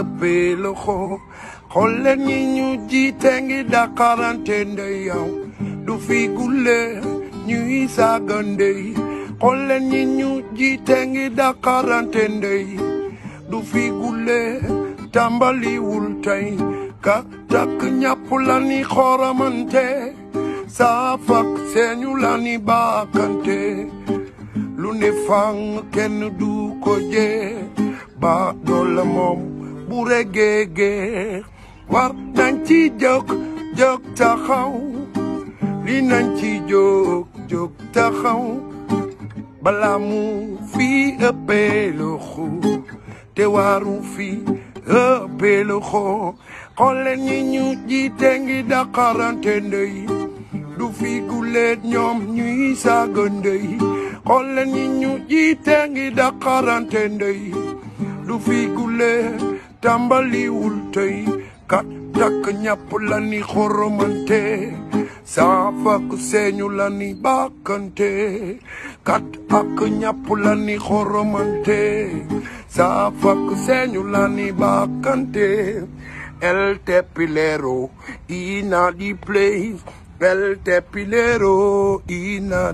ëppee loxo xool leen ñi ñu jiite ngi dàqarante du fi gulle ñuy saaga ndey xool leen ñi ñu jiite ngi dàqarante du fi gulle tàmbaliwul tey ka takk ñàpp la ni xooramante saafak seeñu la ni baakante lu ne fang kenn du ko jee ba doole moom bu regee geex war nañ ci jóg jóg li nañ ci jóg jóg taxaw bala fi ëppee loxo te waru fi ëppee loxo xoolal ñi ñu jiite ngi daqarante ndey du fi guleet ñoom ñuy saaga ndey xoolal ñi ñu jiite ngi daqarante ndey du fi guleet tambali tey kat takk ñàpp la ni xoromante saafak seeñu la ni bàkkante kat ak ñàpp la ni xoromante saafak seeñu El Tepilero, Ina the place. El Tepilero, Ina.